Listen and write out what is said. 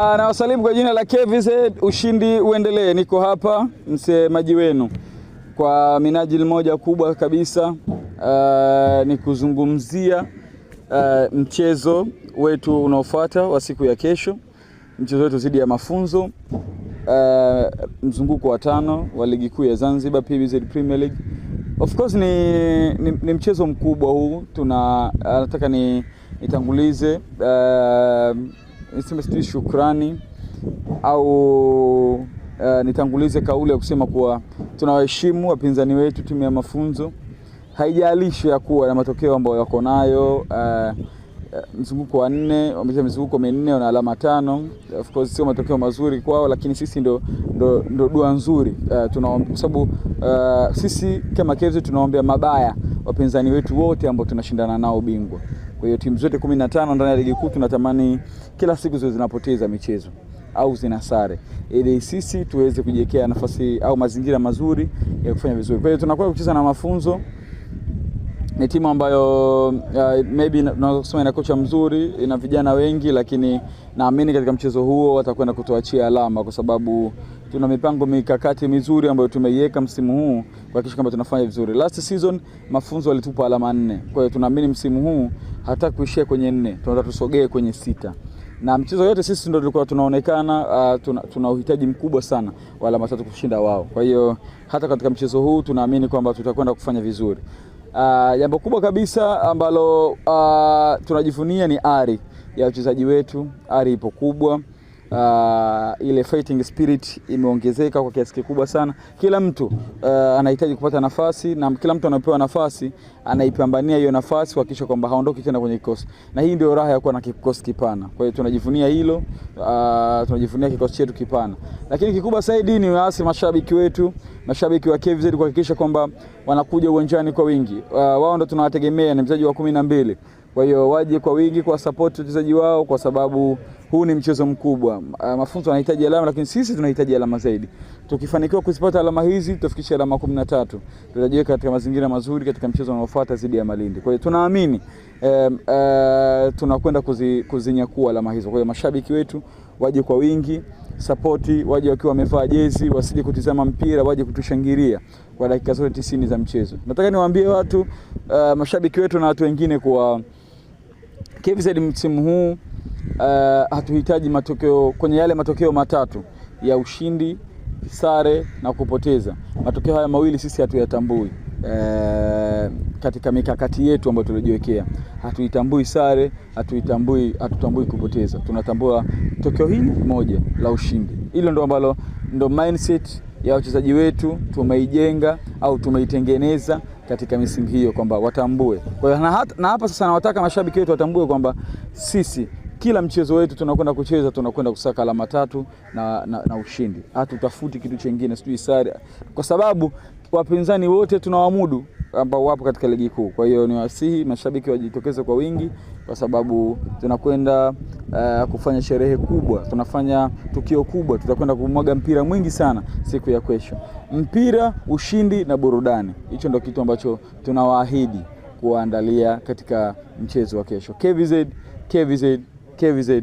Uh, na wasalimu kwa jina la KVZ, eh, ushindi uendelee. Niko hapa msemaji wenu kwa minajili moja kubwa kabisa, uh, ni kuzungumzia uh, mchezo wetu unaofuata wa siku ya kesho, mchezo wetu dhidi ya Mafunzo, uh, mzunguko wa tano wa ligi kuu ya Zanzibar PBZ Premier League. Of course ni, ni, ni mchezo mkubwa huu, tuna nataka ni nitangulize uh, niseme sijui shukrani au uh, nitangulize kauli ya kusema kuwa tunawaheshimu wapinzani wetu timu ya mafunzo, haijalishi ya kuwa na matokeo ambayo yako nayo uh, mzunguko wa nne wamecheza mizunguko minne, wana alama tano. Of course sio matokeo mazuri kwao, lakini sisi ndo, ndo, ndo dua nzuri uh, tuna kwa sababu uh, sisi kama KMC tunaombea mabaya wapinzani wetu wote ambao tunashindana nao bingwa. Kwa hiyo timu zote 15 ndani ya ligi kuu tunatamani kila siku ziwe zinapoteza michezo au zina sare ili sisi tuweze kujiwekea nafasi au mazingira mazuri ya kufanya vizuri. Kwa hiyo tunakuwa kucheza na mafunzo ni timu ambayo uh, maybe naweza kusema ina kocha mzuri, ina vijana wengi, lakini naamini katika mchezo huo watakwenda kutoachia alama kwa sababu tuna mipango mikakati mizuri ambayo tumeiweka msimu huu kuhakikisha kwamba tunafanya vizuri. Last season mafunzo alitupa alama nne, kwa hiyo tunaamini msimu huu hata kuishia kwenye nne, tunataka tusogee kwenye sita na mchezo yote sisi ndio tulikuwa tunaonekana uh, tuna, tuna uhitaji mkubwa sana wa alama tatu kushinda wao. Kwa hiyo hata katika mchezo huu tunaamini kwamba tutakwenda kufanya vizuri. Ah, jambo uh, kubwa kabisa ambalo uh, tunajivunia ni ari ya wachezaji wetu. Ari ipo kubwa uh, ile fighting spirit imeongezeka kwa kiasi kikubwa sana. Kila mtu uh, anahitaji kupata nafasi na kila mtu anapewa nafasi anaipambania hiyo nafasi kuhakikisha kwamba haondoki tena kwenye kikosi, na hii ndio raha ya kuwa na kikosi kipana. Kwa hiyo tunajivunia hilo. Uh, tunajivunia kikosi chetu kipana, lakini kikubwa zaidi ni waasi mashabiki wetu, mashabiki wa KVZ kuhakikisha kwamba wanakuja uwanjani kwa wingi. Uh, wao ndo tunawategemea, ni mchezaji wa kumi na mbili, kwa hiyo waje kwa wingi kwa support wachezaji wao, kwa sababu huu ni mchezo mkubwa. Uh, mafunzo yanahitaji alama, lakini sisi tunahitaji alama zaidi. Tukifanikiwa kuzipata alama hizi, tutafikisha alama kumi na tatu, tutajiweka katika mazingira mazuri katika mchezo unaofuata dhidi ya Malindi. Kwa hiyo tunaamini um, uh, tunakwenda kuzinyakua kuzi alama hizo. Kwa hiyo mashabiki wetu waje kwa wingi sapoti, waje wakiwa wamevaa jezi, wasije kutizama mpira, waje kutushangilia kwa dakika zote tisini za mchezo. Nataka niwaambie watu uh, mashabiki wetu na watu wengine kuwa KVZ msimu huu uh, hatuhitaji matokeo kwenye yale matokeo matatu ya ushindi, sare na kupoteza. Matokeo haya mawili sisi hatuyatambui uh, katika mikakati yetu ambayo tulijiwekea hatuitambui sare, hatuitambui, hatutambui kupoteza. Tunatambua tokeo hili moja la ushindi. Hilo ndo ambalo ndo mindset ya wachezaji wetu tumeijenga au tumeitengeneza katika misingi hiyo kwamba watambue. Kwa hiyo na, na hapa sasa nawataka mashabiki wetu watambue kwamba sisi kila mchezo wetu tunakwenda kucheza tunakwenda kusaka alama tatu na, na, na ushindi. Hatutafuti kitu chengine, sijui sare, kwa sababu wapinzani wote tunawamudu ambao wapo katika ligi kuu. Kwa hiyo niwasihi mashabiki wajitokeze kwa wingi, kwa sababu tunakwenda uh, kufanya sherehe kubwa, tunafanya tukio kubwa, tutakwenda kumwaga mpira mwingi sana siku ya kesho. Mpira, ushindi na burudani, hicho ndio kitu ambacho tunawaahidi kuwaandalia katika mchezo wa kesho. KVZ, KVZ, KVZ.